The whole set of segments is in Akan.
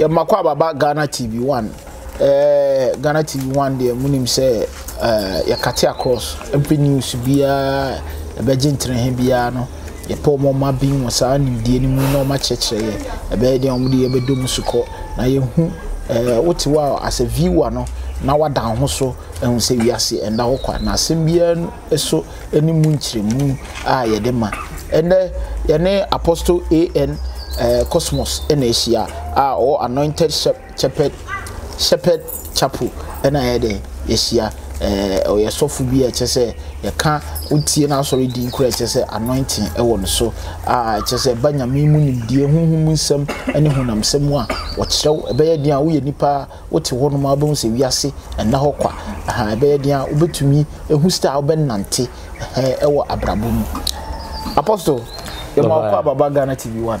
yɛmakɔ ababa ghana tv one eh, ghana tv one de munim sɛ eh, yɛkate across every news biara ɛbɛgye nterehe biara no yɛpɛ ɔmo ɔma bi wɔ saa nimdeɛ no mu na ɔma kyerɛkyerɛ yɛ ɛbɛyɛ deɛ ɔmo de yɛbɛdɔ mu so kɔ na yɛhu eh, wote hɔ as a viewer no na wada ho so ɛhu sɛ wiase ɛnda hɔ kwa na asɛm biara so ne mu nkyerɛmu a yɛde ma ɛnɛ yɛne apostle an Eh, cosmos ɛna ahyia a ɔwɔ anointed shepherd shepherd chapel ɛna ayɛ dɛ ahyia eh, ɔyɛ sɔfo bi a ɛkyɛ sɛ yɛka wotie n'asɔre din kora ɛkyɛ sɛ anointing ɛwɔ no so a ɛkyɛ sɛ ɛba nyame mu nimdie huhum nsɛm ɛne honamsɛm a wɔkyerɛw ɛbɛyɛ den a woyɛ nipa wote hɔnom a wobɛhu sɛ wiase ɛna hɔ kwa ɛbɛyɛ den a wobɛtumi ɛhu sɛ a wobɛnante ɛwɔ abrabɔ mu apostle yɛma wokɔ ababa ghana tv One.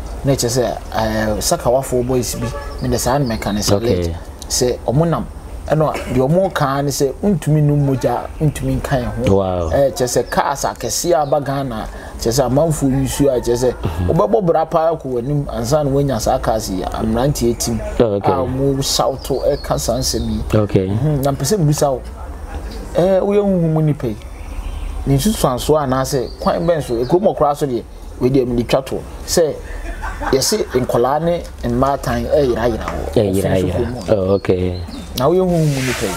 na kyerɛ sɛ eh, sakawafoɔ boys bi ne de saa mmɛka ne sɛ sɛ ɔmo nam ɛnna deɛ ɔmo kan ne sɛ ntumi num mogya ntumi nkan ho ɛɛ eh, kyerɛ sɛ cars akɛseɛ aba ghana kyerɛ sɛ amanfoɔ yi su a kyerɛ sɛ wɔbɛbɔ mhm. bra paa kɔ w'anim ansa na wɔanya saa cars yi mmeranteɛ tim oh, a ɔmo sawto ɛka saa nsɛm yi mhm, na mpɛ sɛ mbisa wo ɛɛ eh, woyɛ huhum nipa yi ne nsusuansoɔ anaasɛ kwan bɛn so ekurom ɔkora so deɛ wɔde ɛmu twa to sɛ yɛsi nkɔlaa ne mmaatan ɛyira eh, yira wɔ ɛyira eh, yira oh, ok na woyɛ hu mu nipa yi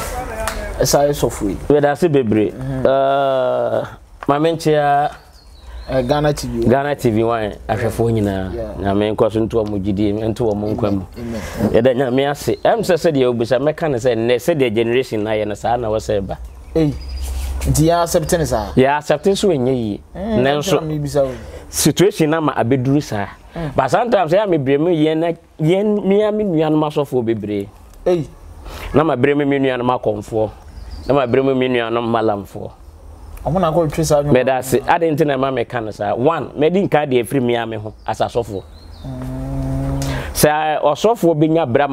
ɛsa yɛ sɔfo yi. yɛdase bebree mhm. eh, maame nkyia. ghana tv ghana tv wan ahwɛfoɔ nyinaa nyame nkɔ so nto ɔmo gyidie nto ɔmo nkwa mu yɛda nyame ase ɛm sɛ sɛdeɛ wobisa mɛka no sɛ nnɛ sɛdeɛ generation na ayɛ no saa na wɔsɛ ba nti yɛ asɛpte ne saa yɛ asɛpte nso ɛnyɛ yie nanso situation no ama abɛduru saa but sometimes ɛyà mi bèrè mi yɛn na yɛn mia mi nuanum asɔfoɔ bebree na ma bèrè mi mi nuanum na ma bèrè mi mi nuanum malamfoɔ. ɔmo na akɔ twi na ɛma mi ka one nka deɛ efiri mia mi ho asasɔfoɔ sɛ ɔsɔfoɔ bi nya bere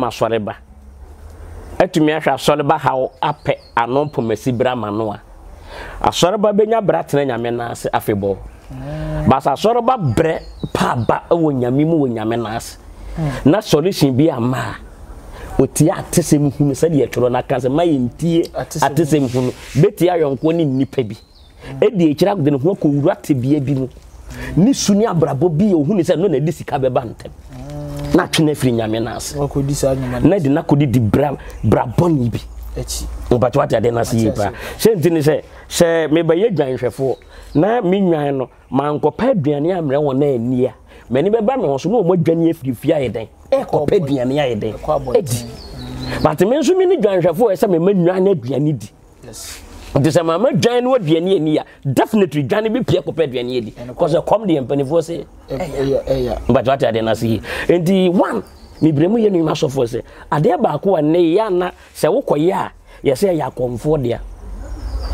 bere ama a basa asɔre ba brɛ paaba wɔ nyame mu wɔ nyame n'ase na solution bi ama a otie atesɛm hunu sɛdeɛ twerɛ no aka sɛ ma yɛntie atesɛm hunu bɛtie ayɔnkoɔ ne nnipa bi E di agode de ho akɔwura tebea bi mu Ni su ne abrabɔ bi yɛ ohunu sɛ no na ɛde sika bɛba ntɛm na atwe no afiri nyame n'ase na ɛde no akɔde di brabɔne bi wopate wate adeɛ no ase yie paa sɛ se ne sɛ sɛ mebɛyɛ dwanhwɛfoɔ na me nwan no mankɔpɛ aduane a mmerɛ wɔ no ani a m'ani bɛba me ho so na ɔmɔ adwane afirifie ayɛ dɛn ɛkɔpɛ aduane ayɛ dɛn ɛdi but me nso me ne dwanhwɛfoɔ ɛ sɛ mema nwan no aduane di nti sɛ mama dwan no aduane ani a definitely dwane bi pia kɔpɛ aduane adi kɔsɛ kɔm deɛ mpanifoɔ sɛ mbate wate adeɛ no ase yie enti one mibire mu yɛ no nyuma asɔfoɔ sɛ adeɛ baako a nnɛ yɛ ana sɛ wokɔyɛ a yɛsɛ yɛ akɔmfoɔ deɛ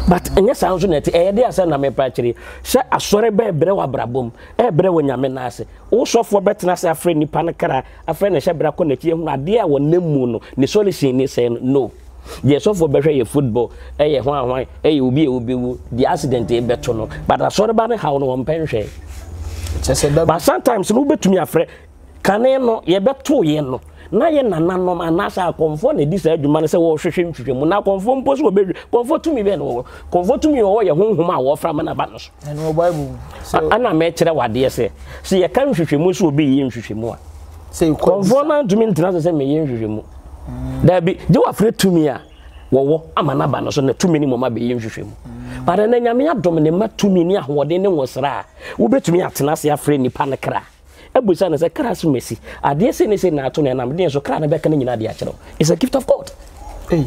but ɛnyɛ saa nso na ɛte ɛyɛ de asɛ na mepa akyire sɛ asɔre bɛɛ brɛ wɔ abrabɔm ɛbrɛ wɔ nyame no ase wosɔfoɔ bɛtena sɛ afrɛ nipa no kra afrɛ ne hyɛ bra kɔ n'akyi ɛhu adeɛ a wɔnam mu no ne solution ne sɛ no no deɛ sɔfoɔ bɛhwɛ yɛ football ɛyɛ ho ahoan ɛyɛ obi a wobɛwu deɛ accident ɛbɛto no but asɔre ba no haw no wɔmpɛ nhwɛ but sometimes no wobɛtumi afrɛ kane no yɛbɛtoo yɛ no na yɛ nananom anaasɛ akɔmfoɔ na ɛdi saa adwuma no sɛ wɔrehwehwɛ nhwehwɛ mu na akɔmfoɔ mpo so wɔbɛdwe kɔmfoɔ tumi bɛɛ na wɔwɔ kɔmfoɔ tumi wɔwɔ yɛ honhom a wɔfra ma naba no so ana mɛkyerɛ wadeɛ sɛ sɛ yɛka nhwehwɛ mu so wɔbɛyɛ nhwehwɛ mu a kɔmfoɔ no antumi ntena sɛ sɛ meyɛ nhwehwɛ mu daabi gye wafrɛ tumi a wɔwɔ ama naba no so na tumi ne mɔma bɛyɛ nhwehwɛ mu bada na nyame adom ne ma tumi ne ahoɔden ne wɔ sra a wobɛtumi atena ase afrɛ nnipa no kra abusa ne sɛ kra so adeɛ sɛ ne sɛ naato no ɛnam deɛ so kra no bɛka no nyinaa de akyerɛ is a gift of god hey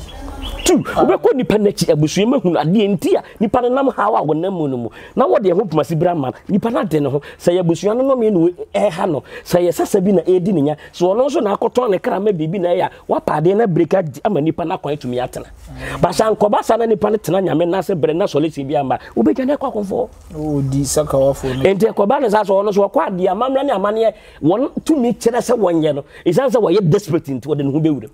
two wobɛkɔ nipa n'akyi abusua mu ahunu adeɛ nti a nipa no nam haw a wɔnam mu no mu na wɔde ɛho pumasi bere ama nipa no ade ne ho sɛ yɛ abusua no nɔmɛ no ɛha no sɛ yɛ sasa bi na ɛredi ne nya sɛ ɔno nso na akɔtɔn ne kra biribi na ɛyɛ a wapa adeɛ na breka ama nipa no akwan atumi atena basa nkɔba sa na nipa no tena nyame na sɛ brɛ na sɔlesi bi ama wobɛgya no ɛkɔ akɔmfoɔ ɔdi sakawafo no nti ɛkɔba ne saa sɛ ɔno so wɔkɔ adeɛ amammerɛ ne amanneɛ wɔn tumi kyerɛ sɛ wɔnyɛ no ɛsiane sɛ wɔyɛ desperate nti wɔde ne ho bɛwuram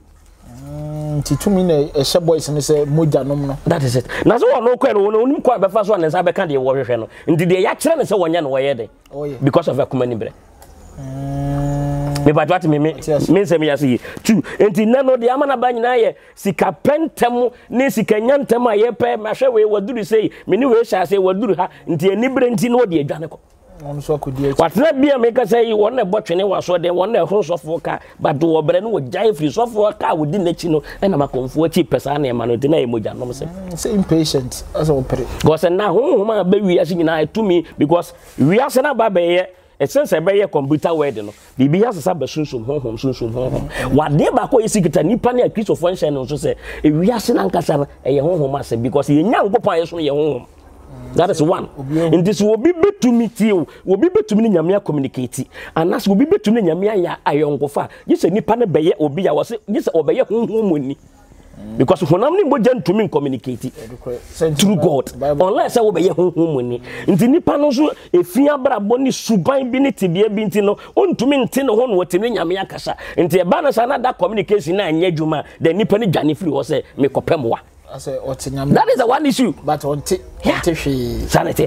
nti tumi na ɛhyɛ boys no sɛ mogya nom no that is it na sɛ wɔno kɔɛ no wɔno wonim kɔ a bɛfa so a ne nsa bɛka deɛ wɔhwehwɛ no nti deɛ yɛakyerɛ ne sɛ wɔnyɛ no wɔyɛ den oh, because of akoma ni berɛ mebato mm. ate me me nsɛm yɛ ase yi tu nti nna no deɛ ama naba nyinaa yɛ sika pɛ ntɛm ne sika nya ntɛm a yɛpɛ mahwɛ wei waduru sei mene wei hyɛ ase waduru ha nti anibere nti na wɔde adwane kɔ watena bia meka sɛ yi wɔn na ɛbɔ twene wɔ asɔden wɔn na ɛho sɔfoɔ ka but wɔ brɛ no wɔgyae firi sɔfoɔ ka a wɔdi n'akyi no ɛnam akɔmfoɔ akyi pɛ saa nneɛma no nti na ɛyɛ mogya nom sɛ mm, sɛ impatient asɛ wɔpere gɔsɛ na honhom a bɛwiase nyinaa ɛtumi because wiase no aba bɛyɛ ɛsɛn sɛ ɛbɛyɛ computer no biribi yɛ asesa bɛ sunsun honhom sunsun honhom wadeɛ baako yɛ sikita nipa ne akristofoɔ nhyɛn no nso sɛ ewiase nankasa no ɛyɛ honhom asɛm because yɛnya nkopɔn a yɛ so yɛ honhom that is one In this, will be nti sɛ obi bɛtumi tie o obi bɛtumi ne nyame communicate anaasɛ obi bɛtumi ne nyame ayɛ ayɔnkofa a gye sɛ nnipa no bɛyɛ obi a wɔ sɛ gye sɛ ɔbɛyɛ honhom mu ni mm. because when honam ne mogya ntumi communicate through god unless sɛ wobɛyɛ honhom mu ni nti nipa no nso ɛfi abrabɔ ne suban bi ne tebea bi nti no ɔntumi nte ne ho no wɔtumi ne nyame akasa nti ɛba no saa na da communication no anyɛ adwuma a dɛ nnipa no dwane firi hɔ sɛ mekɔpɛ mmoa That is the one issue. But on ɔnte ɔnte hwee. sanity.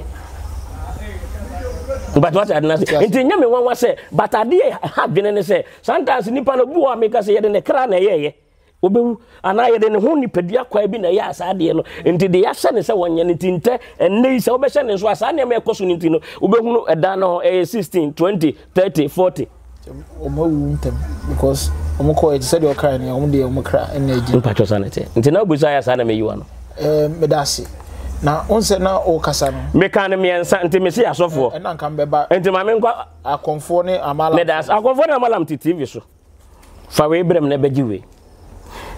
But what I say, nti nyame wọn wa sɛ but adeɛ ha dwene ne sɛ sometimes nipa no bu wa mi ka sɛ yɛde ne kra na ɛyɛ yɛ wobɛwu anaa yɛde ne ho nipadua kwa bi na ɛyɛ asaa deɛ no nti de yɛahyɛ ne sɛ wɔnyɛ no nti ntɛ ɛnnɛ yi sɛ wobɛhyɛ ne nso a saa nneɛma ɛkɔ so no nti no wobɛhunu ɛdan no hɔ ɛyɛ 16 20 30 40 ɔmo awu ntɛm because ɔmo kɔ ɛti sɛdeɛ ɔkra ne ɔmo deɛ ɔmo kra ɛna ɛgye. mpatwɛ sa ne te nti na obusa ayɛ saa na meyi wa no. ɛɛ eh, meda ase na n sɛ na o kasa no. meka ne mmiɛnsa nti eh, me si asɔfoɔ. ɛna nka mbɛba. nti maame nkwa. akɔnfoɔ ne amalam. meda ase akɔnfoɔ ne amalam ti tv so fa wei brɛ mu na ɛbɛgye wei.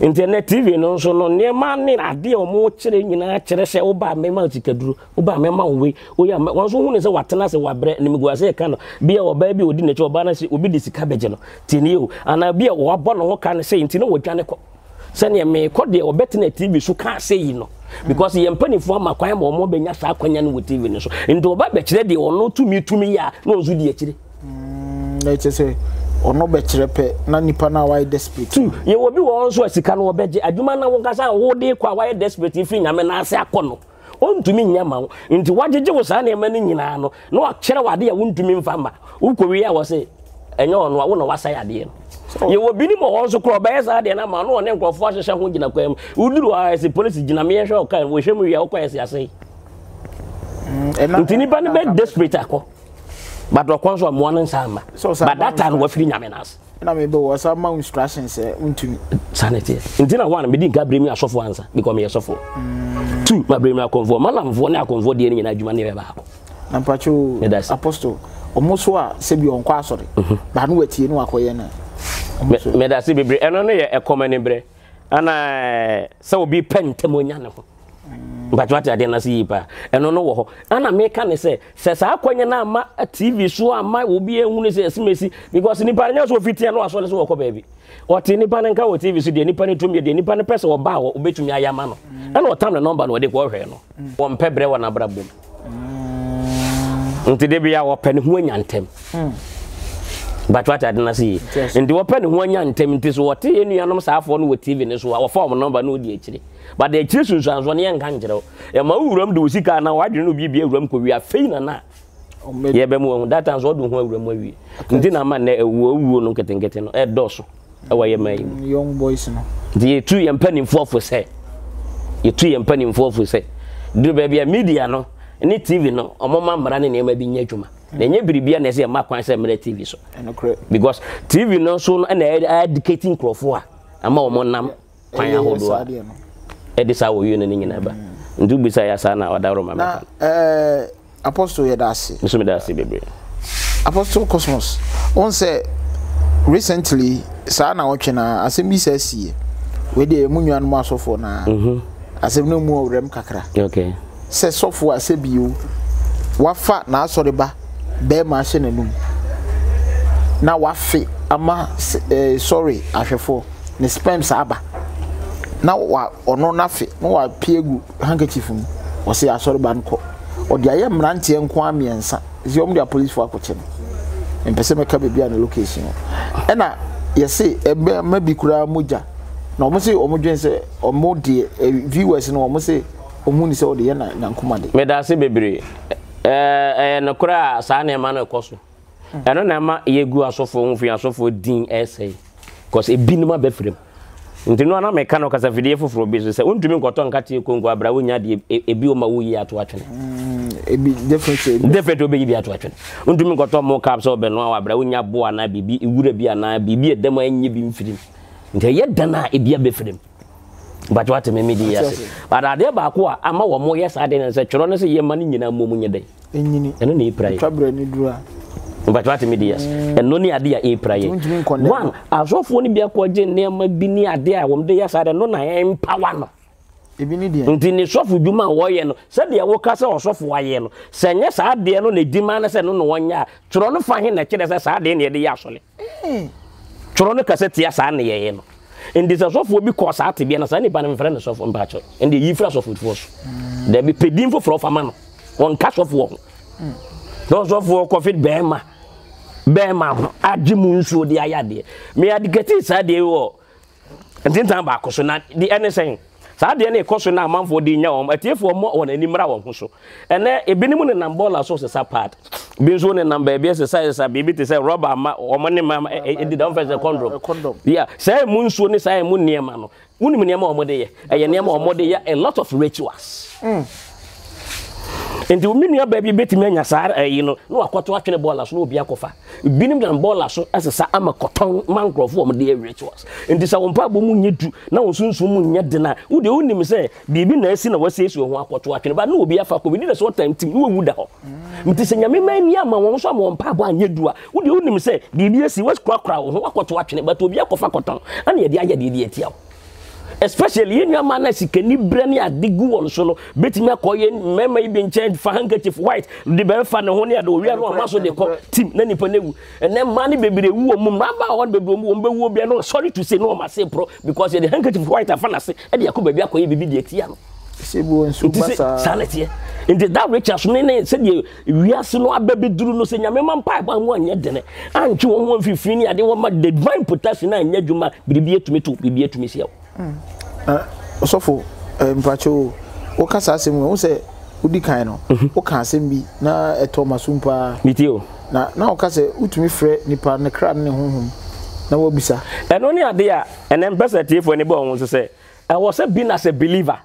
nti ɛnɛ tv no nso no nneɛma ne adeɛ ɔmo kyerɛ nyinaa kyerɛ sɛ woba mɛma sikaduro woba mɛma owe oya mɛ wɔn nso hu ne sɛ watena ka no bia ɔbaa bi odi n'akyi ɔbaa obi sika bɛgye no bia ne ho ka ne sɛ nti na wɔdwa ne kɔ sɛnea deɛ ka ase yi no because yɛn ama kwan ma ɔmo bɛnya saa akwanya no wɔ tv so nti ɔno bɛkyerɛ pɛ na nipa na wayɛ desperate. tu yɛ wɔ bi wɔ nso sika no wɔbɛgye adwuma na wɔn kasa wɔde kɔ a wayɛ desperate fi nyame na ase akɔ no ɔntumi nya ma wo nti wagyegye wo saa nneɛma no nyinaa no na wakyerɛ wade a wontumi mfa ma wokɔwie a wɔ sɛ ɛnyɛ ɔno a wo na wasɛe adeɛ no yɛwɔ bi ne ma ɔwɔ nso korɔ ɔbɛyɛ saa deɛ no ama no ɔne nkurɔfoɔ ahyehyɛ ho gyina kwan mu woduru a ɛsɛ polisi gyina meyɛhwɛ ɔka wɔhwɛ mu wie a wokɔ ɛsi ase mm, nti nipa no bɛ desperate akɔ but ɔkɔ nso ɔmoa no nsa ama but that time wafiri nyame no ase na mebe wɔ sa ma instruction sɛ wontumi sane teɛ nti na ho a medi nka berɛ mu asɔfoɔ ansa because meyɛ sɔfoɔ mm. two ma berɛ mu akɔmfoɔ manamfoɔ ne akɔmfoɔ deɛ no nyinaa adwuma ne bɛbaako na mpakyo apostle ɔmo so a sɛ bi ɔnkɔ asɔre mhm. ba no watie no wakɔyɛ no medase bebree ɛno no yɛ ɛkɔmɔ ne berɛ ana eh, sɛ obi pɛ ntɛm ɔnya ne ho mpatwa ate adeɛ n'ase yie paa ɛno no wɔ hɔ ɛna meka ne sɛ sɛ saa akɔnya no ama tv so ama obi ehunu sɛ ɛsi mesi because nipa ne nyaso ofi tia no asɔre so wɔkɔ baabi ɔte nipa ne nka wɔ tv so deɛ nipa ne tum yɛ deɛ nipa ne pɛ sɛ ɔba a obetumi ayɛ ama no mm. ɛna ɔtam ne nɔmba na ɔde kɔ ɔhwɛ no mm. wɔn pɛ brɛ wɔ n'abrabɔ mu mm. nti de bi a wɔpɛ ne ho anya ntɛm batwa ate ade n'ase yie nti wɔpɛ ne ho anya ntɛm nti so wɔte yɛ tv ne so a wɔfa wɔn nɔmba na ɔdi but akyiri sunsuansɔne yɛnka nkyerɛ ɛma wo wuram de wo sika na wadwene no biribia awuram kɔwie afei nana yɛbɛmu wahu data nso ɔde ho awuram awie na ma nnɛ awuo awuo no nketenkete no ɛdɔɔso ɛwɔ yɛ ma yi mu nti a media no mm. ne no bi na ɛnyɛ na ɛsɛ yɛma kwan sɛ mmerɛ tv so because tv no nso no ɛna ɛdikati nkurɔfoɔ a ama wɔn nam ɛde saa wɔwie no ne nyina ba nti wobisa yɛ saa na ɔdaworo ma mɛka eh, apostle yɛda ase nso meda bebree apostle cosmos wɔn sɛ recently saa na wɔtwe na asɛm bi sɛ sie wɔde mu nua asɔfoɔ na mhm. asɛm no mu ɔwerɛm kakra okay. sɛ sɔfoɔ asɛ bio wafa n'asɔre ba bɛrima ahyɛ n'anum na wafe ama eh, sɔre ahwɛfoɔ ne sperms aba na wa ɔno nafe na wa pie gu handkerchief mu wɔsi asɔreba nkɔ ɔde ayɛ mmeranteɛ nko a mmiɛnsa zi wɔn de apolisifoɔ akɔkyɛ no mpɛsɛ mɛka beebi a ne location ɛna yɛsi ɛbɛn mma bi koraa mogya na wɔn si wɔn dwen sɛ wɔn deɛ viewers no wɔn si wɔn ni sɛ wɔde yɛ na nankoma de. mɛdaase bebree ɛɛ ɛɛ nokora a saa nneɛma no ɛkɔ so mm. ɛno na ɛma yɛgu asɔfoɔ ho fi asɔfoɔ din ɛsɛe kɔsɛ ebinom abɛfiri mu nti no ana meka no kasa fidie foforɔ bi so sɛ wontumi nkɔtɔ nkateɛ konko abra wonya deɛ e-, e-, ebi woma woyi ato atwene different wobɛyi bi ato atwene wontumi nkɔtɔ mo cap sɛ wobɛnoa wɔ abra wonya bo anaa biribi wura bi anaa biribi ɛdɛm anyɛ bi mfirim nti ɛyɛ dan a ebia bɛfirim but wateme me di ase but adeɛ baako a ama wɔ mo yɛ saa deɛ ne sɛ twerɛ no sɛ yɛma no nyinaa mmom nyɛ dɛn ɛno na ɛpira yɛ mpatwa te medias ɛno ne ade a ɛpra yɛ one asɔfoɔ ni bia kɔgye nneɛma bi ne ade a wɔmde yɛ saa dɛ no na ɛmpawa no nti ne sɔfo dwuma a wɔyɛ no sɛdeɛ woka sɛ ɔsɔfo ayɛ no sɛ nyɛ saa deɛ no na edima no sɛ no na wɔnyɛ a twerɛ no fa he na kyerɛ sɛ saa deɛ na yɛde yɛ asɔre twerɛ no kasɛ tia saa na yɛyɛ no nti sɛ sɔfo bi kɔ saa te bia na saa nipa no mfrɛ ne sɔfo mpakyɛ nti yi fira sɔfo foɔ mm. so dɛbi pɛdin foforɔ fama no wɔnka sɔfoɔ ho mm. na ɔsɔfoɔ kɔfi bɛɛma bɛrima ho agye mu nsuo de ayɛ adeɛ meadekati saa deɛ wɔ ntentan baako so na de ɛne sɛn saa deɛ no ɛkɔ so no amanfoɔ de nya wɔn atiefoɔ mmɔ wɔn anim ra wɔn ho so ɛnɛ ebinom nenam bɔɔla so sesa paad bi nso nenam baabi ɛsesa sesa biribi te sɛ rɔba ama wɔn ne ma ɛdeda wɔn fɛ sɛ kɔndɔm eh, yia saa emu nsuo ne saa emu nneɛma no wɔn nim nneɛma wɔn de yɛ ɛyɛ nneɛma wɔn de yɛ a lot of rituals. Mm nti omi nua baabi betumi anya saa ɛyi eh, no na wakɔto atwene bɔɔla so na obi akɔfa binom dan bɔɔla so ɛsesa ama kɔtɔn ma nkurɔfoɔ wɔn de yɛ rituals nti sɛ wɔn mpaabɔ mu nyɛ du na wɔn sunsun mu nyɛ dena wode wonim sɛ biribi na ɛsi na wɔasiesie ho akɔto atwene ba na obi afa kɔ bi ne sɛ ɔtan tim na wɔwu da hɔ nti sɛ nyame ma ani ama wɔn so ama wɔn mpaabɔ anyɛ du a wode wonim sɛ biribi asi wɔakurakura wo ho akɔto atwene but obi akɔfa kɔtɔn ana yɛde ayɛ deɛ deɛ atia wo especially yɛn nnuama na sikani brɛ ni ade gu wɔn so no bɛtumi akɔ yɛ mmarima yi bi nkyɛn fa handkerchief white de bɛmfa ne ho ne ade owia no ama so de kɔ tim na nipa no ewu ɛnɛ mmaa ne bebree wu wɔn mu mmarima a wɔn bebree mu wɔn bɛwu obiara no sorry to say no wɔn ase porɔ because yɛ de handkerchief white afa n'ase ɛde akɔ baabi akɔ yɛ bibi deɛ ti ano nti sɛ saa na teɛ nti da richards ne ne sɛdeɛ wiase no aba bi duru no sɛ nyame ma mpa ɛbɔ ho anyɛ dene antwe wɔn ho mfifiri ne ade wɔma the divine protection na anyɛ adwuma biribi atumi to biribi atumi si ah, ɔsɔfo eh, mpakyɛw woka saa asɛm wo sɛ wodi kan no mhm. woka asɛm bi na ɛtɔ ma som paa na na woka sɛ frɛ nipa ne kra ne honhom na wabisa ɛno ne ade a ɛnɛ mpɛ sɛ tiefoɔ ne bɛ sɛ ɛwɔ sɛ bi na sɛ believer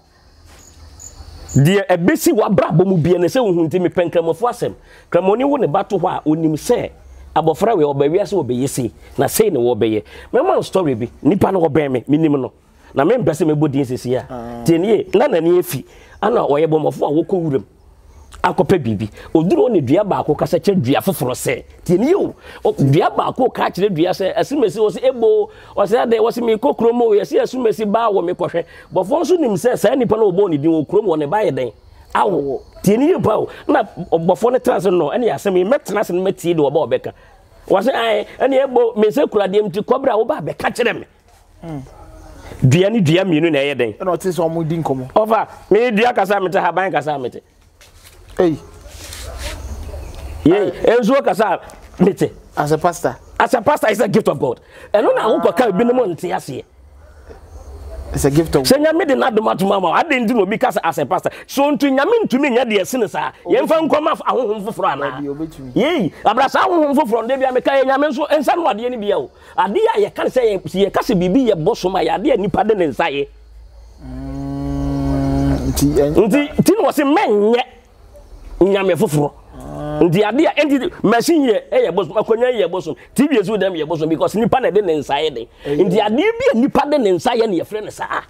deɛ ɛbɛsi w'abrabɔ mu bia ne sɛ ohun ti mepɛ nkramofo asɛm kramoni wo ne ba to hɔ a onim sɛ abɔfra wei ɔbɛwia sɛ wɔbɛyɛ sei na sei ne wɔbɛyɛ mɛma story bi nipa no wɔbɛn me menim no na mempɛ sɛ mɛbɔ din sesi a ah. tie na nani afi ana ɔyɛ bɔmmɔfo a wɔkɔ wuram akɔpɛ biribi oduro ne dua baako kasa kyerɛ dua foforɔ sɛ tieni o dua baako ka kyerɛ dua sɛ asumesi wɔsi ebo wɔsi adi wɔsi mi kɔ kurom o yɛsi asumesi baa wɔ mi kɔhwɛ bɔfɔ nso nim sɛ saa nipa no ɔbɔ ne din wɔ kurom wɔ ne ba yɛ dɛn awo tieni yɛ pa o na bɔfɔ ne tena se no ɛne asɛm yi mɛtena se no mɛtie de ɔba ɔbɛka wɔsi ayɛ ɛne ebo mɛnsa kura deɛ mu ti kɔbra a wɔba abɛka kyerɛ mi hmm. dua ne dua mmienu na ɛyɛ dɛn ɛna ɔte sɛ ɔmo di kasa mi te haban kasa mi Hey. Yeah. Enzo kasa mete. As a pastor. As a pastor is a gift of God. Ɛno na wo kɔka bi no mo nte aseɛ. It's a gift of God. Sɛ nyame de n'adom atoma ma ade nti na obi kasa as a pastor. So ntu nyame ntumi nya de ɛsi ne saa. Yɛmfa nkɔma ahohom foforɔ anaa. Yei abrasa ahohom foforɔ nde bi a meka yɛ nyame nso nsa no adeɛ no bia o. Adeɛ a yɛka ne sɛ yɛka sɛ biribi yɛ bɔ so ma yɛ adeɛ a nipa de ne nsa yɛ. Mm, nti nti na wɔsi mɛnyɛ nyame foforɔ nti adeɛ a nti machine yɛ ɛyɛ bosom akonnwa yɛ bosom tv yɛ so dɛm yɛ bosom because nipa na de ne nsa yɛ de nti adeɛ bi a nipa de ne nsa yɛ ne yɛfrɛ ne saa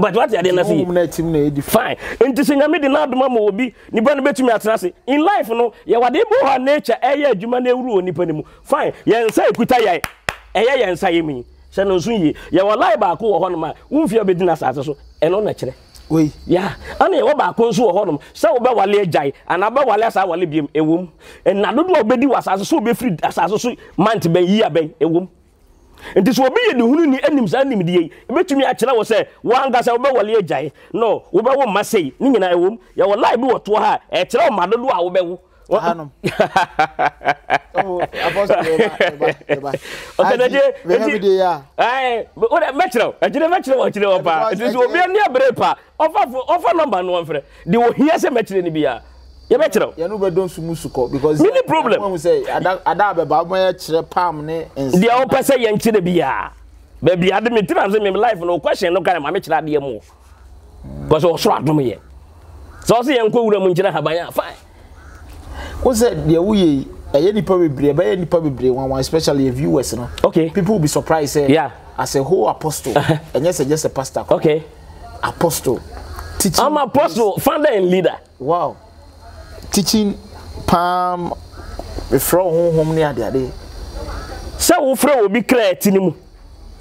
but wati adeɛ na se yi fine nti sɛ nyame de n'adoma ma obi nipa no betumi atena ase in life no yɛwɔ adeɛ bi hɔ nature ɛyɛ adwuma na ewuro wɔ nipa ne mu fine yɛn nsa ekuta yɛn ɛyɛ yɛn nsa yɛ mu yi sɛ no nso yie yɛwɔ lie baako wɔ hɔ nom a wumfia bɛdi na asase so ɛno na kyerɛ. ya ana ewa baako nso wɔ hɔnom sɛ wobɛwale agyae anaa bɛwale asa wale biam ɛwom nna dodoɔ a wobɛdi wɔ asase so wobɛfiri asase so mant bɛn yi abɛn ɛwom nti sɛ obi yɛ ne hunu ni anim saa nimdeɛ yi ɛbɛtumi akyerɛ wɔ sɛ woankasa wobɛwale agyae no wobɛwo mma sei ne nyinaa ɛwom yɛwɔ lie bi wɔ toɔ ha ɛkyerɛ wo ma dodoɔ a wobɛwo hanom mɛkyerɛw agyere mɛkyerɛ wɔ akyerɛ wɔ paa nti sɛ obia ne aberɛ pa ɔfa nɔmba no wɔmfrɛ de wɔhia sɛ mɛkyerɛ no biaa yɛbɛkyerɛw yɛno bɛdɔ nso mu sukɔ because mini problem sɛ ada bɛba mɛyɛkyerɛ palm ne nsa deɛ wopɛ sɛ yɛnkyerɛ biaa baabi ade metim am sɛ mem life no question no kane ma mekyerɛ adeɛ mu because ɔsoro adom yɛ sɛ ɔsɛ yɛnkɔ wura mu nkyerɛ haban a fine wọ́n sẹ́ deɛ wúyẹ yìí ɛyɛ nipa bebree ɛbɛyɛ nipa bebree wọn wọn especially yɛ viewers no. okay people will be surprised sɛ. Eh, yeah as a whole apostle ɛnyɛ sɛ just a pastor. okay apostle. teaching i'm apostle founder and leader. wow teaching palm efra ohunhun ne adeade. sɛ wofra obi kra ɛti ne mu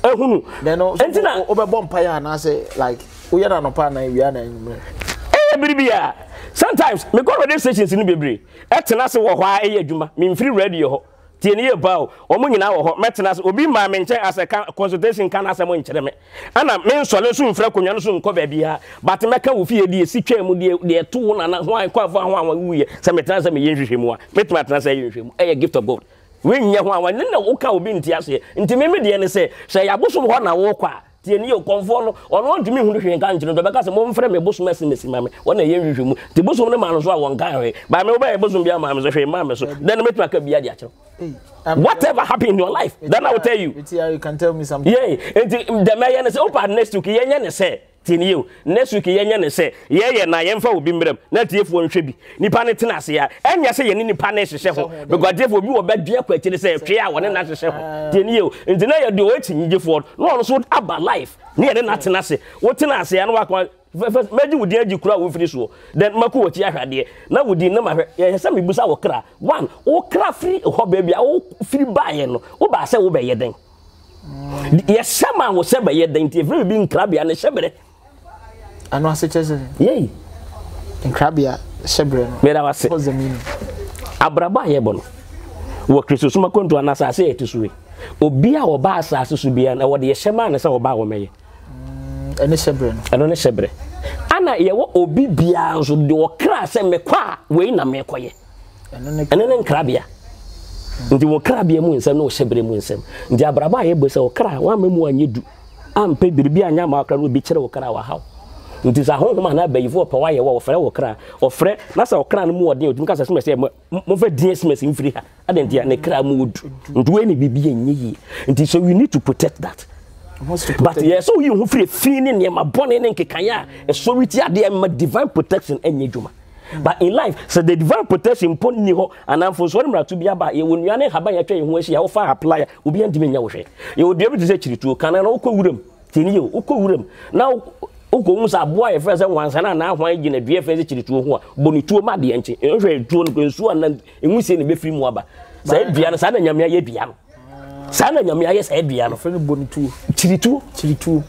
ehunu. nenu nti na o bɛ bɔ mpa yɛ anaasɛ like o yɛ na nɔpa anan wia na enyimire. ɛyɛ biribi a sometimes mekɔ radio stations no bebree ɛtena se wɔ hɔ a ɛyɛ adwuma memfiri radio hɔ tie ne yɛ ba o ɔmo nyinaa wɔ hɔ mɛtena se obi maa me nkyɛn asɛ ka consultation ka n'asɛm nkyerɛ me Ana me nsɔle so mfrɛ akonnwa no so nkɔ baabi ha but mɛka wo fie deɛ si twɛn mu deɛ deɛ to wo nana ho a kɔ afɔ ho a wuyɛ sɛ metena sɛ meyɛ nhwehwɛ mu a metumi atena sɛ ɛyɛ nhwehwɛ mu ɛyɛ gift of god wenyɛ ho a wɔne na woka obi nte aseɛ nti me deɛ ne sɛ sɛ yɛabosom hɔ na wokɔ a tie ne yɛ kɔnfoɔ no ɔno ntumi hu hwee nka nkyerɛ dɔbɛka sɛ momfrɛ me bosom asimesi ma me wɔna ɛyɛ nhwehwɛ mu nti bosom no ma no so a wɔnka hwee ba me wobɛyɛ bosom bia ma me so hwee ma me so then mɛtumi aka bia de akyerɛ whatever happen in your life then i will tell you yeah nti dɛmɛyɛ ne sɛ wopa next week yɛnyɛ ne sɛ tie ne yie o next week yɛnyɛ ne sɛ yɛyɛ na yɛmfa obi mmerɛm na tiefoɔ nhwɛ bi nipa ne tena ase a ɛnyɛ sɛ yɛne nipa ne hyehyɛ ho because tiefoɔ bi wɔ bɛdua kɔ akyire sɛ ɛtwe a wɔne na hyehyɛ ho tie ne yie o nti na yɛde o akyi nyigyefoɔ na ɔno nso aba life ne yɛde na tena ase wotena ase a na wakɔ mɛgye wò di agyi kura a wofiri soɔ then mako wɔ ti ahwadeɛ na wò di ne ma hwɛ yɛyɛ sɛ mibusa wɔ kra one wɔ kra firi hɔ baabi a wɔ firi baayɛ no wɔ baasɛ wɔ bɛyɛ den mm. yɛsɛ ma wɔ sɛ bɛyɛ den tie firi bi nkra bia ne hyɛ bɛrɛ ano ase kyerɛ sɛ yei nkrabea hyɛberɛ no meda wase abrabɔ a yɛbɔ no wɔ kristosoma kontu ana asase yɛ ɛte so yi obi a ɔba asase so bia na wɔde yɛhyɛ maa ne sɛ ɔba a wɔmɛyɛ mm, ɛne hyɛberɛ no ɛno ne hyɛberɛ ana yɛwɔ obi biara nso de wɔkra sɛ mekɔ a wei na mekɔyɛ ɛno ne nkrabea nti wɔ krabea mu nsɛm na wɔ mu nsɛm nti abrabɔ a yɛbɔ sɛ ɔkra wama mu anyɛ du Ampe biribi anyɛ ama wakra no obi kyerɛ wo kra wahaw nti sɛ ahohoma anaa abayifoɔ pɛ wayɛ wɔ wɔfrɛ wɔ kra ɔfrɛ na sɛ ɔkra no mu ɔden ɔtumi ka sɛ soma sɛ momfa din asimasi mfiri ha adɛn ntia ne kra mu ɔdu nti wei ne biribi ɛnyɛ yie nti so we need to protect that but yɛ so woyi ho firi fi ne nneɛma bɔne ne nkekayɛ a ɛsɔre ti adeɛ ma divine protection ɛnyɛ adwuma but in life so the divine protection mpo nni hɔ anaa mfonsoro mmarato bi aba yɛwɔ nnua ne nhaba yɛatwa yɛ ho ahyia wofa apply a obiantimi nya wo hwɛ yɛwɔ dua bi te sɛ kyirituo kana na wokɔ wuram tini yɛ wokɔ wuram na wokɔhu sɛ aboa yɛfrɛ sɛ wansana na hwan gyina dua fɛ sɛ kyiri tuo ho a bɔ tuo ma adeɛ nkye ɛhwɛ tuo no nsuo ana ɛhu sie ne bɛfiri mu aba saa dua no saa na nyame ayɛ dua no saa na nyame ayɛ saa dua no fɛ no bɔ ne tuo kyiri tuo kyiri tuo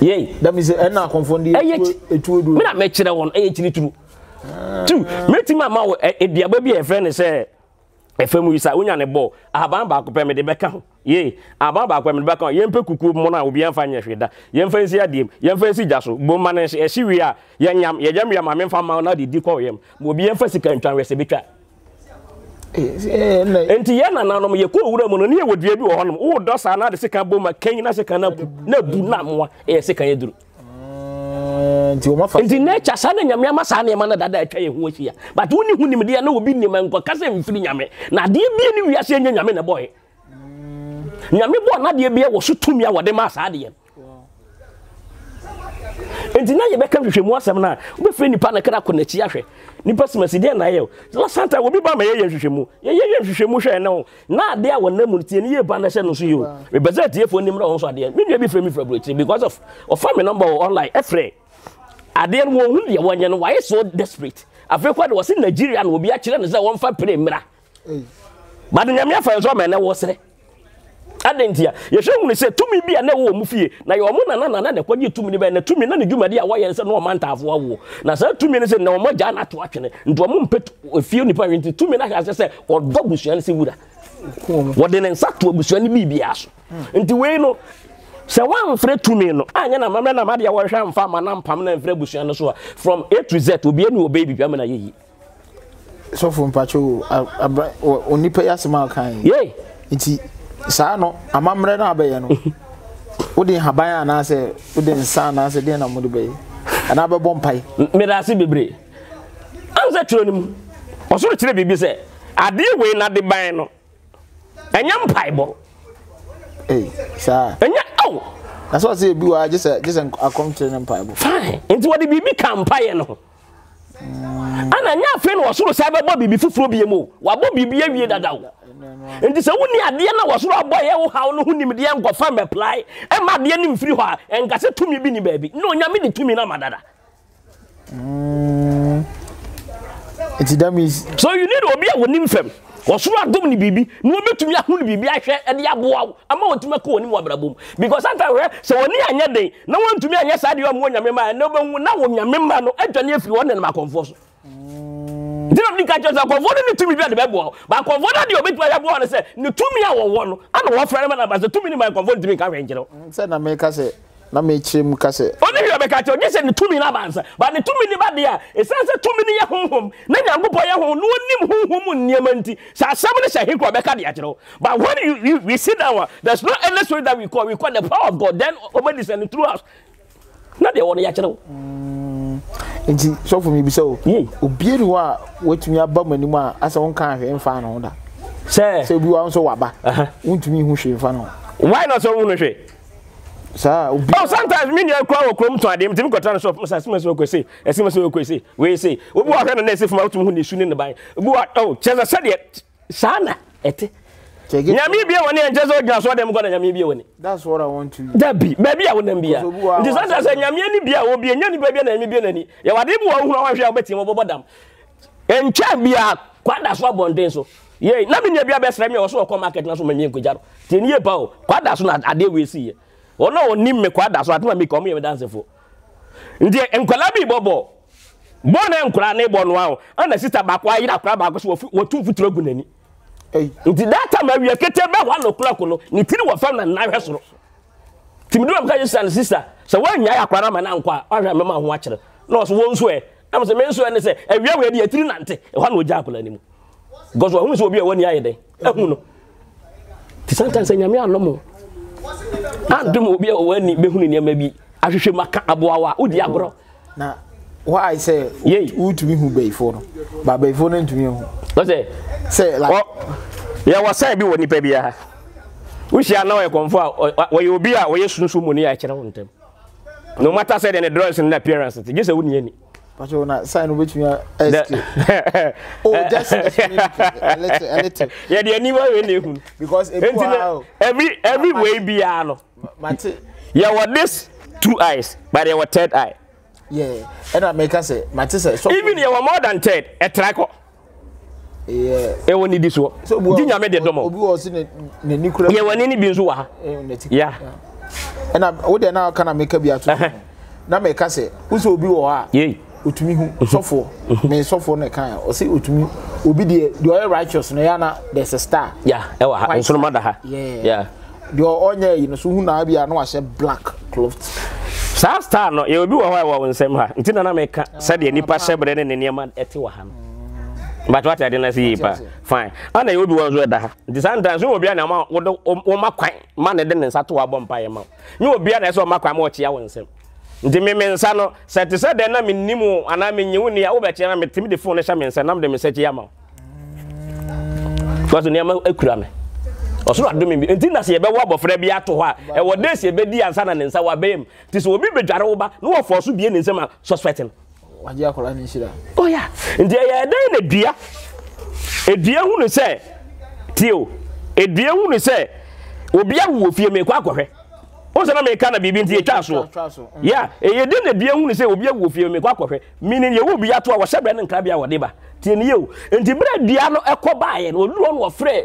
yei that means ɛna akɔmfo no ɛyɛ tuo duro mena mɛkyerɛ wɔn ɛyɛ kyiri turo tu mɛtumi ama wɔ aduaba bi a yɛfrɛ ne sɛ ɛfɛ mu yi sa wonya bɔ ahaban baako pɛ mede bɛka ho ye aba baako ɛmɛ bɛka yɛmpɛ kukuo mu na obi yɛmfa nyɛ hwee da yɛmfa nsi adeɛ mu yɛmfa nsi gya so boma no ɛsi wie a yɛnyam yɛgyam yɛ me mfa ma wo na de di kɔ yɛm obi yɛmfa sika ntwan wɛsɛ betwa eh, eh, eh, nti yɛ nananom yɛkɔ owura mu no ne yɛwɔ dua bi wɔ hɔnom wodɔ saa na de sika boma kanyi na sika na na bu na mmoa ɛyɛ sika yɛ duru nti wɔn afa nti n'akya saa na nyame ama saa nneɛma na dada atwa yɛn ho ahyia but wɔn ni hu nimdeɛ na obi nim nkɔ kasa mfiri nyame na adeɛ bie ne wiase nyɛ nyame na bɔyɛ nyame bɔ nadeɛ bia wɔ so tumi a wɔde ma saa deɛ nti na yɛbɛka hwehwɛmu asɛm no a wobɛfrɛ nnipa no kra kɔ n'akyi ahwɛ nnipa simasi deɛ naayɛ lasanta wɔbi ba ma yɛyɛ nhwehwɛmu yɛyɛyɛ nhwehwɛmu hwɛ no na adeɛ a wɔnam no tie no yɛ ba no hyɛ no so yio mebɛ sɛ atiefoɔ nim rɛ wo nso adeɛ menua bi frɛ me frɛ because of ɔfa me number wɔ online ɛfrɛ adeɛ no wɔhu deɛ wɔnyɛ no wayɛ so desperate afei kɔ de wɔse nigeria no obi akyerɛ no sɛ wɔmfa pere mmra bade nyame afa yɛ so ama ɛnɛ wɔ serɛ adan ntia yɛhwɛ hunu sɛ tumi bi a na ɛwɔ mu fie na yɛ ɔmo nana nana na ɛkɔgye tumi no bɛyɛ na tumi na ne dwumadi a wɔyɛ sɛ na ɔma ntaafo awoɔ na saa tumi no sɛ na ɔmo gyaa n'ato atwene nti ɔmo mpɛ e fie nipa wi nti tumi no ahyɛ asɛ sɛ ɔdɔ busua no sɛ wura wɔde ne nsa to busua no biribiara so nti wei no sɛ woamfrɛ tumi no anyɛ na mamrɛ na adeɛ wɔhwɛ mfa ma na mpam na mfrɛ abusua no so a from a to z obiani wɔbɛyɛ biribiama no ayɛyi sɔfo mpatwo onipa yɛ asɛm a wokae nti saa no amammerɛ no abɛyɛ no wode haban anaasɛ wode nsa anaasɛ deɛ na mode bɛyɛ anaa bɛbɔ mpae meda ase bebree am sɛ twerɛ no mu ɔsoro kyerɛ biribi sɛ adeɛ wei na de ban no ɛnyɛ mpaebɔ saa ɛnyɛ ao na sɛ ɔsɛ ɛbi waa gye sɛ gye sɛ akɔm kyerɛ no mpaebɔ fine nti wɔde biribi ka mpaeɛ no ho mm. ana nyɛ afei no ɔsoro sɛ bɛbɔ biribi foforɔ bie mu wabɔ biribi awie dadaw nti sɛ woni adeɛ na wɔsoro abɔ yɛ wo haw no ho nimdeɛ nkɔfa mɛplae ɛma adeɛ no mfiri hɔ a ɛnka sɛ tumi bi ni baabi na onyame de tumi no ama dada mm. so you need obi a wɔnim fam wɔsoro adom ne biribi na wɔbɛtumi aho ne biribi ahwɛ ɛde aboa wo ama wɔtumi akɔ wɔnim wabrabɔ mu because sometimes hwɛ sɛ wɔne anyɛ den na wɔntumi anyɛ saa deɛ ɔmo wɔ nyame ma ɛnɛ wobɛhu na wɔ nyame ma no adwane afiri hɔ ne nomakɔmfoɔ so gyina mu di ka kyerɛ sɛ akɔnfo no ne tumi bi a ne bɛ bɔ ba akɔnfo no deɛ obetuma yɛ bɔ no sɛ ne tumi a wɔwɔ no ana wɔfrɛ no ma na ba sɛ tumi ne ma akɔnfo no tumi ka hwɛ nkyerɛ. sɛ na mɛka sɛ na mekyerɛ mu ka sɛ ɔne hwɛ bɛka kyɛ ɔgye sɛ ne tumi no abansa ba ne tumi ne ba deɛ a ɛsiane sɛ tumi no yɛ honhom na nyankopɔn yɛ honhom na ɔnim honhom mu nneɛma nti sɛ asɛm no hyɛ he korɔ bɛka de akyerɛ wo but when you, you, we see that one, there's no any story that we call we call the power of god then ɔbɛdi sɛ ne through us na deɛ wɔ no yɛakyerɛ wo nti sɔfo mi bisɛ o obie ni hɔ a watumi aba mu anim a asɛ wɔn kan ahwɛ nfa na da sɛ sɛ obi wa nso waba ntumi ihu hwɛ nfa na ho. na sɔ wunu hwɛ. saa obi. oh sometimes mi nua kura wɔ kurom tɔn adeɛ ntumi kɔtɔn so sa sima sɛ okɔ se ɛsima sɛ okɔ se wei se obi wa hwɛ na na ɛsɛ fama otum hu ne su ne ne ban obi wa oh kyerɛ sɛ sɛdeɛ saa na ɛte nyame bie wɔ ne yɛnkyɛ sɛ ɔgyina so ɔdɛm kɔ na nyame bie wɔ ne dabi baabi a wonam bia nti sɛ sɛ sɛ nyame ani bia wɔ bie nyɛ nipa bia na nyame bie n'ani yɛwade mu wahunu a wahwɛ a wobɛtim wɔbɔbɔ dam ɛnkyɛ bia kwada so abɔnten so yei na me nua bia bɛsrɛ me a wɔso market na so ma mie nkogya no nti ɛni yɛ pa o kwada so na adeɛ wei siiɛ wɔn a wɔnim me kwada so atoma mi ka ɔmo yɛ me dansefoɔ nti nkwadaa bi bɔbɔ bɔɔl na nkwadaa ne bɔ noa o ɛna sista baako ayira akwadaa baako so nti that time awia kete bɛ one o'clock no ne tiri wɔ fam na nan hwɛ soro tìmídìí wà mí ká yé sisa ne sisa sɛ wɔn nyɛ akwara ma nankɔ a ɔhwɛ mɛma ho akyerɛ na ɔsɛ wɔn nso yɛ ɛmu sɛ mɛ nso yɛ ne sɛ awia wɔ yɛ de yɛtiri nante ɛhɔ na ogya akwara ne mu gɔsɔ ɔhun sɛ obi a ɛwɔ ne ayɛ dɛ ɛhun no ti santan sɛ nyame anɔm adum obi a ɔwɔ ani bɛhun nneɛma bi ahwehwɛ maka aboawa odi agorɔ why I say, sɛ wotumi hu bɛyifoɔ no ba bɛyifoɔ no ntumi hu sɛ sɛ yɛwɔ sɛe bi what nnipa be ha wohyia na wɔyɛ kɔmfo a wɔyɛ obi a wɔyɛ sunsun mu ne yɛ akyerɛ wo ntɛm no matter sɛ any ne dress ne appearance say gye sɛ wonnyɛ ni Pacho na sign obetumi escape. Uh, oh just a little a little. Yeah the animal we dey Because e every every way be ano. Yeah what this two eyes but there were third eye yeah ɛna mɛka sɛ mate sɛ even yɛ wɔ more than ten ɛtra kɔ. yeah ɛwɔ ne di soɔ di nyame de dɔmɔ. obi wɔ ne ne ni kura. yɛ wɔ bi nso wɔ ha. ya ɛna o de na kana mɛka bi ato na mɛka sɛ wosɛ obi wɔ ha. yei otumi hu sɔfoɔ Me sɔfoɔ ne kan ɔsi otumi obi deɛ deɛ ɔyɛ righteous no yana there's a star. ya ɛwɔ ha nsoroma da ha. yeah deɛ ɔnyɛ yi no so hu na abi a na wahyɛ black cloth saa star no yɛwɔ bi wɔ hɔ a ɛwɔ wo nsɛm ha nti na na meka ah, sɛdeɛ nipa hyɛbrɛ ne ne nneɛma ɛte wɔ ha no but wate ade no sɛ yie paa fine ana yɛwɔ bi wɔ so ɛda ha nti saa ntan so wɔ bia na ma wode woma kwan ma ne de ne nsa to wabɔ mpaeɛ ma nyɛ wɔ bia na ɛsɛ ɔma kwan ma ɔkyea wo nsɛm nti me nsa no sɛ te sɛ dɛn na mennim anaa menye wo nni a na metemi de fon hyɛ me nsa nam de me nsa kyea ma wo because nneɛma akura me ɔsoro adome bi nti na sɛ yɛbɛwɔ abɔfra bi ato hɔ a ɛwɔ days yɛbɛdi ansa na ne nsa wabɛn mu nti sɛ obi bɛdware wo ba na wɔfɔ so bie ne nsam a suspect no wagye akɔla ne nhyira ɔya oh, nti ɛyɛ ɛdɛn na dua edua hu no sɛ tie o edua hu no sɛ obi awo fie mekɔ akɔhwɛ o sɛ na meka na biribi nti yɛtwa soɔ yɛ mm. ɛyɛ den na dua hu sɛ obi awo fie mekɔ akɔhwɛ meaning yɛwɔ obi ato a wɔhyɛ brɛ ne nkrabea wɔde ba tie ne yɛ o nti berɛ dua no ɛkɔ baeɛ no ɔduru no wɔfrɛ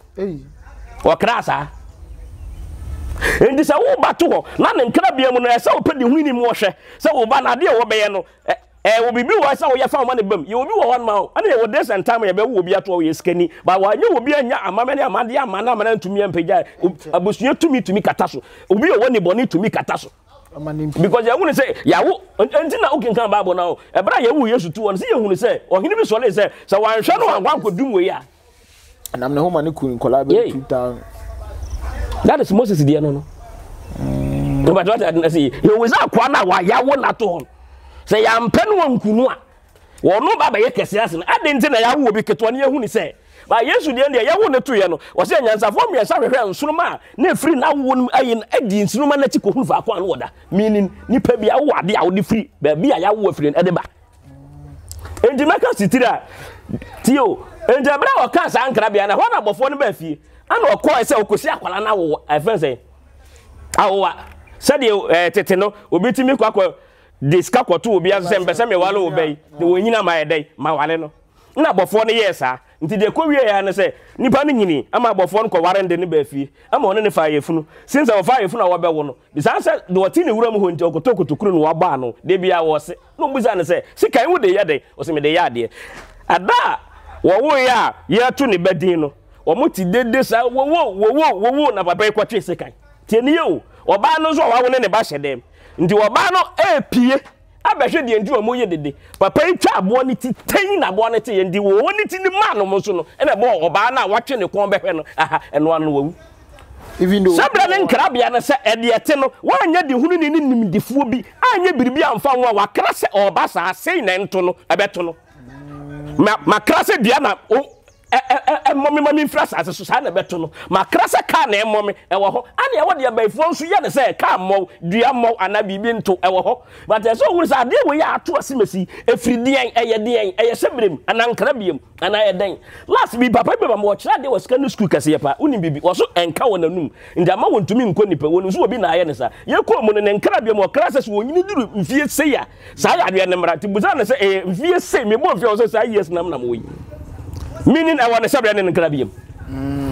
wɔkra saa nti sɛ woba to hɔ na ne nkra bia mu no ɛsɛ wopɛ de huni mu wɔhwɛ sɛ woba na adeɛ wɔbɛyɛ no ɛɛ wɔ biribi wɔ sɛ wɔyɛ fa wɔn ne bam yɛ obi wɔ hɔ noma o ɛna yɛ wɔ days and time yɛ bɛ wɔ obi ato wɔyɛ sikani ba wɔn anyɛ obi anya amamɛ ne amadeɛ ama na ama na ntumi mpagya abusua tumi tumi kata so obi yɛ wɔ ne bɔ ne tumi kata so because yɛn wuli sɛ yawo nti na okinkan baabu na o ɛbɛrɛ yɛ wu yesu tu wɔn si yɛ wuli sɛ ɔhene bi sɔle sɛ sɛ wɔn ahwɛ no wɔn akɔ akɔ dum wɔ yi a na mne homa ne kun kola be 2000 that is moses deɛ no no no mm. but what i say he was akwa na wa ya wo na to hon sɛ ya mpɛ no wankunu a wɔno ba bɛyɛ kɛse ase no ade nti na ya wo bi ketewa ne ehu ne sɛ ba yesu deɛ deɛ yɛwo ne to yɛ no wɔsɛ nyansafoɔ mmiɛnsa ne free a na ɛfiri no awo no ayɛ no adi nsoroma meaning ni pebi faako a no wɔda meaning nipa bi awo ade a wode firi baabi a yɛawo afiri no ɛde ba tio nti abere a wɔka saa nkrabea no na no baa fie ana ɔkɔɔ sɛ ɔkɔsi akwara na awowa ɛfɛn sɛ tete no obi tumi kɔ akɔ de sika kɔto obi aso sɛ mpɛsɛ wale wo bɛyi na wɔn nyina ma yɛ ma wale no na no saa nti de kɔ ya no sɛ nipa no nyini ama abɔfoɔ no kɔware nde ne a a no sɛ ne wura mu nti ya a ne no dede saa na papa yi kɔtwe sekan tie ne o ɔbaa no nso a ne nti no papa twa ne ti na aboɔ ne ti yɛ nti wɔwɔ ne ti ne maa no mo no ɛna ɛbɔ ɔbaa no a watwe ne kɔn bɛhwɛ no aha ɛnoa no wɔwu sábìrì makra sɛ dua na ɛmmɔ me ma memfiri asase so saa na ɛbɛto no makra sɛ kaa na ɛmmɔ me ɛwɔ hɔ ane ɛwɔ deɛ baifoɔ nso yɛ ne sɛ kaa mmɔw dua mmɔw anaa biribi nto ɛwɔ hɔ but ɛsɛ ɔhunu sɛ adeɛ wei yɛ ato asimasi ɛfiri deɛn ɛyɛ deɛn ɛyɛ sɛ berɛm anaa nkra biam anaa ɛdɛn last bi papa bi ma ma wɔkyerɛ adeɛ wɔ sika no skul kɛseɛ pa wonim biribi wɔ so ɛnka wɔ n'anum nti ama wɔntumi nkɔ nipa wɔ no nso obi na ayɛ ne sa yɛkɔɔ mu no ne nkra biam ɔkra sɛ sɛ wɔnyini duru mfie sei a saa yɛ adeɛ ne mmara nti busa ne sɛ ɛyɛ eh, mfie sei mebɔ mfie wɔ sɛ saa yes nam nam wɔ meaning ɛwɔ ne sɛbrɛ ne ne nkra biem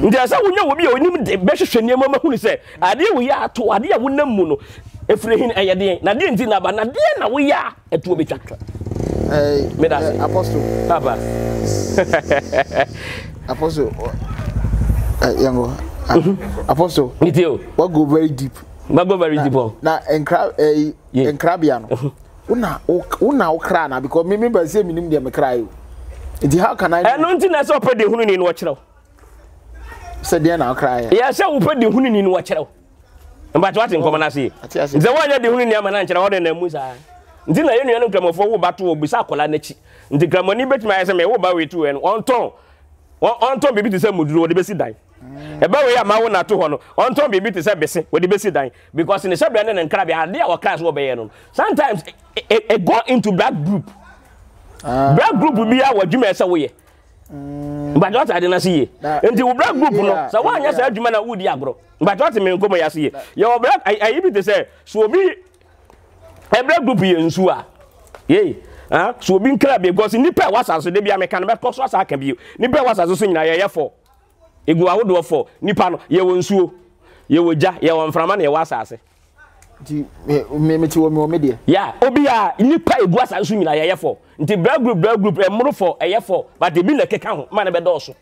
nti ɛsɛ wonya wɔ bi a onim de bɛhwehwɛ nneɛma mahunu sɛ adeɛ woyɛ ato adeɛ a wonam mu no ɛfiri hin ɛyɛ deɛ na deɛ nti naba na deɛ na woyɛ a ɛtoɔ bɛtwa eh, medase eh, apostle Papa. apostle eh, yango ah, mhm. apostle What go very deep wago very deep oh? na nkra eh nkrabia no uh-huh. una una okra na because me me ba se minim de me nti how can i. ɛnu nti na ɛsɛ ɔpɛ de hunu ni ni wɔkyerɛw. sɛ deɛ na ɔkra yɛ. yɛ sɛ ɔpɛ de hunu ni ni wɔkyerɛw mbàtí wàá ti nkɔmɔ n'ase yɛ nti wɔn yɛ de hunu ni ama na nkyerɛ ɔde na emu saa nti na yɛ nua no nkramofoɔ wo ba to wɔ bisa akɔla n'akyi nti nkramoni bɛtumi ayɛ sɛ mɛ wo ba wei tu yɛ no ɔntɔn ɔntɔn biribi te sɛ moduro wɔde bɛsi dan mm. ɛbɛ wei a maa wo na to hɔ no ɔntɔn biribi te sɛ bese wɔde bɛsi dan because ne hyɛ brɛ ne ne nkra bi adeɛ a wɔkra so wɔbɛyɛ no sometimes e e, e e go into black group. Ah. black group bi a wɔdwuma ɛsɛ woyɛ mm. mbatɔ ta ade na se yie nti wo black group no sɛ woanyɛ saa adwuma na wodi agorɔ mbatɔ te me nkɔmɔ yɛ ase yie yɛwɔ black ayi bi te sɛ so obi ɛ black group yɛ nsu a yei ah so obi nkra bi because nipa a wasa so de bi ameka no bɛkɔ so asa aka bi nipa a wasa so so nyina yɛyɛ fɔ egu ahodoɔ fɔ nipa no yɛwɔ nsuo yɛwɔ gya yɛwɔ mframa na yɛwɔ asase nti mmemmeti wɔ mi wɔ mi deɛ. ya obi a nipa egu asan so nyinaa yɛyɛ fɔ nti bra group bra group ɛmoro fɔ ɛyɛ fɔ but ebi na keka ho mmaa na bɛ dɔɔso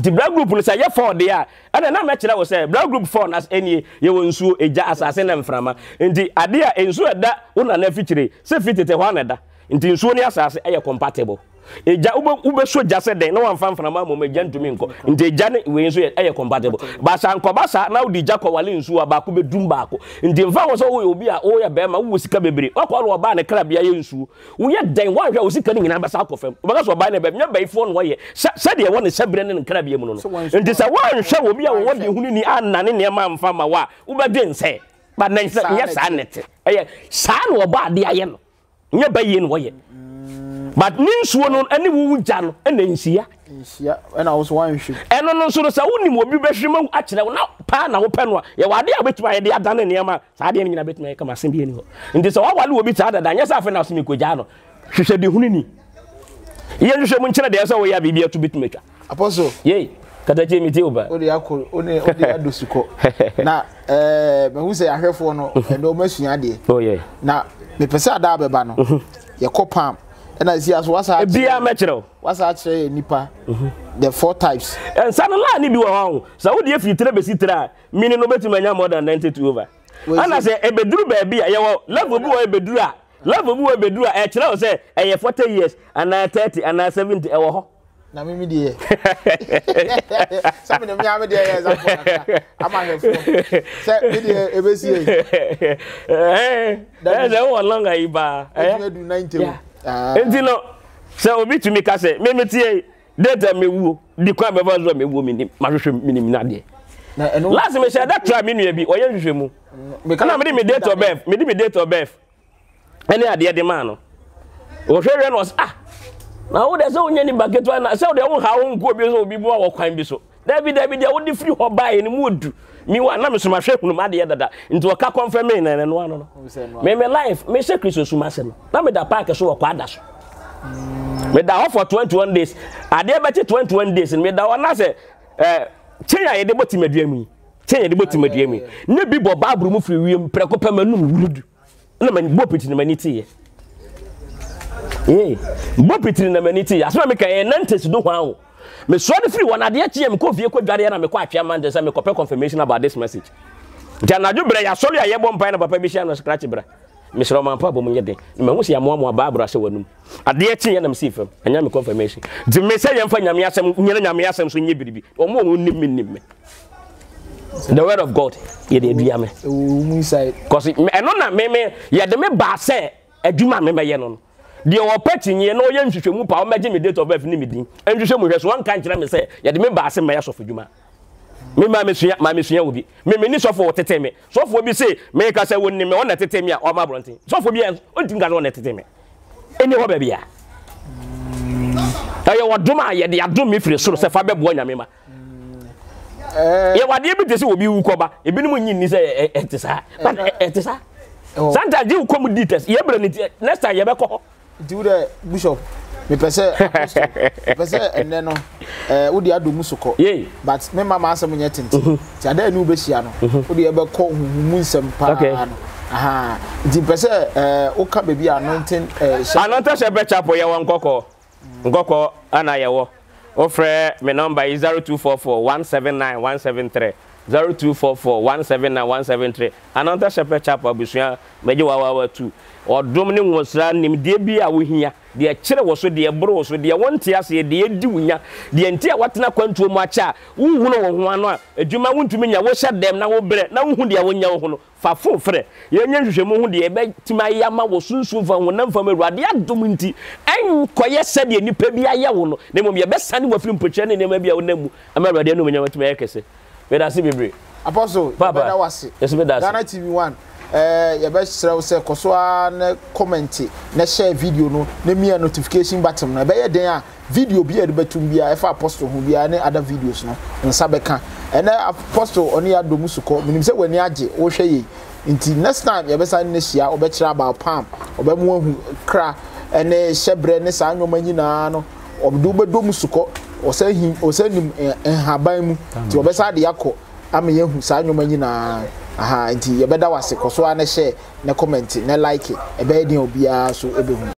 nti bra group no sɛ yɛ fɔ deɛ a ɛna na mɛ kyerɛ wɔ sɛ bra group fɔ na ɛnie yɛ wɔ nsuo egya asase na mframa nti adeɛ a nsuo ɛda wɔn nana fitiri sɛ fitiri tɛ hɔ ana da nti nsuo ne asase ɛyɛ compatible egya wobɛso gya sɛ dɛn na wamfa mframa mmom egya ntumi nkɔ nti egya ne wei nso ɛyɛ compatible baasa nkɔba saa na wode gya kɔwale nsuo a baako bɛdum baako nti mfa wɔ sɛ woyɛ obi a woyɛ bɛrima wowɔ sika bebree wakɔ no ɔbaa ne krabea yɛ nsuo woyɛ dɛn woanhwɛ wo sika no nyinaa bɛsa akɔ fam wobɛka sɛ ɔbaa ne bɛm nyɛ bɛyifoɔ no wɔyɛ sɛdeɛ wɔ ne sɛberɛ ne ne krabea mu no no nti sɛ woanhwɛ wɔ bi a wɔwɔ de hunini anane nneɛma amfa ma wo a wobɛdwen sɛ ba nɛ sɛ nyɛ saa ne te ɛyɛ saa na ɔbɔ adeɛ ayɛ no nyɛ bɛyie no wɔyɛ but ne nsuo no ne wo gya no na nhyia nhyia ɛna wo so wanhwe ɛno no nso sa sɛ wonim obi bɛhwe ma akyerɛ wo na paa na wopɛ no a yɛwɔ adeɛ a wobɛtumi ayɛ de adane nneɛma saa adeɛ no nyina bɛtumi ayɛ kama asɛm bi ani hɔ nti sɛ woawale wɔ bi saa dada nyɛ sɛ afei na wosɛ mekɔgyaa no hwehwɛ de hunu ni yɛhwehwɛ mu nkyerɛ deɛ sɛ woyɛ a biribi ato bɛtumi atwa apɔso yei katakye mi ti o o de akɔ o de o de ado sukɔ na ɛɛ eh, mehu sɛ ahwɛfoɔ no ɛdɔm mhm. Oh adeɛ. na me sɛ adaa bɛba no mhm. yɛkɔ palm ɛna esi aso wasa akyerɛ ebia mɛkyerɛ wasa akyerɛ nipa the four types. nsa no laa ni bi wɔ hɔ o sɛ wodi efiri tire besi tire a mini no betumi anya more than ninety two over ɛna sɛ ebeduru baabi a yɛwɔ level bi wɔ ebeduru a level bi wɔ ebeduru a ɛkyerɛ o sɛ ɛyɛ forty years anaa thirty anaa seventy ɛwɔ hɔ. na mímí di yɛ sɛ mi ni mi ame di yɛ yɛ ɛza fɔ kaka ama hɛ fɔ sɛ mi di yɛ ebe si yɛ. ɛɛ ɛɛ sɛ wɔn lɔnga yi baa. ɛɛ ɛɛ ɛɛ Ah. enti no sɛ obi tumi ka sɛ memetie data mewuo di kwan bɛfa so a mewuo menim mahwehwɛ menim no adeɛ last mehyɛ da tra me nua bi ɔyɛ nhwehwɛ mu mm, ana mede me date of birth mede me date of birth ɛne adeɛ de maa no ɔhwɛhwɛ no ɔs ah na wo deɛ sɛ wonyɛ nimba ketewa na sɛ wode wo ha wo nkuo bi sɛ obi boa wɔ kwan bi so dabi dabi deɛ wode firi hɔ baeɛ no mu ɔdu miwa na mesomahwɛ hunum adeɛ dada nti wɔka kɔmfɛ me nɛnɛ no ano no meme life se kristo sum ase no na meda park so wɔkɔ ada so meda hɔ for 21 days ade adeɛ bɛkye 21 days no meda hɔ na sɛ kyɛn a yɛde bɔ timadua mu yi kyɛn a yɛde mu ne bi bɔ baaburo mu firi wiem prɛko pɛ ma num wurudu na ma bɔ piti na ma ni tiiɛ ee bɔ na ma ni tiiɛ asoma mi ka yɛ nantes do hwan o. Me mesoro de firi wɔn adeɛ me mekɔ fie kɔ dwareɛ na me mekɔ atwea mante sɛ mekɔpɛ confirmation about this message nti anadwo berɛ ya a yɛbɔ mpae na papa bi hyia no scratch Me mesrɛ ɔma mpa bɔ mu nyɛ den na mahu sɛ yɛamoamoa baa brɛ sɛ w'anum adeɛ kyeɛ yɛ nam sii fam ɛnyɛ me confirmation nti me sɛ yɛmfa nyame asɛm nyɛne nyame asɛm so nyɛ biribi ɔmo ɔmo nim nim me the word of god yɛde adua me ɛno na me me yɛde me baa sɛ adwuma me mɛyɛ no no deɛ ɔpɛ kyinyɛ na ɔyɛ nhwehwɛ mu pa ɔmɛgye me date of birth ne me din nhwehwɛ mu hwɛ so wɔnka nkyerɛ me sɛ yɛde me baase mɛyɛ sɔfo dwuma me maa mi sua maa mi sua wo bi me me ni sɔfo wɔ tete me sɔfo bi se me ka sɛ wɔn ni me ɔna tete me a ɔma aburɔnten sɔfo bi yɛ ɔntumi ka sɛ ɔna tete me ɛni hɔ baabi ya ɛyɛ wɔdom a yɛde adom mi firi soro sɛ fa bɛ boɔ nyame ma yɛwɔ bi te sɛ obi wu kɔba ebinom nyi ni sɛ ɛte saa but ɛte saa sometimes yi kɔm di test yɛ bɛrɛ ne ti next time yɛ bɛ kɔ nti bishop mepɛ sɛ mepɛ sɛ ɛnɛ no ɛɛ eh, wo de adɔ mu so but me ma maa asɛm nyɛ tenten ti adan ni ano. no mhm. wo de ɛbɛkɔ huhumu nsɛm paa no aha nti mpɛ sɛ ɛɛ eh, woka baabi a anointing ɛɛ eh, hyɛ anointing hyɛ bɛ chapel yɛ wɔ nkɔkɔ mm. nkɔkɔ ana yɛ wɔ wofrɛ me number yi zero two four four one seven nine one seven three zero two four four one seven nine one seven three ananta shepherd chapel abusua mɛgye wa wa wa two ɔdom ne nwosira nimdeɛ bi a wohia deɛ kyerɛ wɔ so deɛ boro wɔ so deɛ wɔnte aseɛ deɛ di wo nya deɛ nti a watena kwantuo mu akyɛ a wohunu wɔ ho ano a adwuma wontumi nya wohyɛ dɛm na wobrɛ na wohu deɛ wonya wo ho no fa fo frɛ yɛnyɛ nhwehwɛmu ho deɛ ɛbɛtumi ayɛ ama wɔ sunsum fa honam fam awurade adom nti ɛnkɔyɛ sɛdeɛ nnipa bi ayɛ wo no na mmom yɛbɛsane wafiri mpɔkyerɛ ne nneɛma bi a wonam mu ama awurade anom nyama tumi ayɛ kɛse bɛda se bebree apostle bɛda wasi yes bɛda se Ghana TV one ɛɛ eh, yɛbɛkyerɛ wo sɛ kɔso ne kɔmɛnti ne hyɛ video no ne mia notification button na ɛbɛyɛ den a video bi a yɛde bɛtum bi a ɛfa apostle ho bi a ne ada videos no nsa bɛka ɛnɛ apostle ɔne yɛ adomu sukɔ menim sɛ w'ani agye wohwɛ yie nti next time yɛbɛsan ne hyia ɔbɛkyerɛ about palm ɔbɛmu ahu kra ɛne hyɛbrɛ ne saa nneɛma nyinaa no ɔde wobɛdɔ mu ɔsɛ hin ɔsɛ nim nhaban mu nti ɔbɛsa de akɔ ama yɛhu saa nneɛma nyinaa aha nti yɛbɛda wɔ ase kɔ so a ne hyɛ ne comment ne like ɛbɛyɛ den obiara so ɛbɛhu.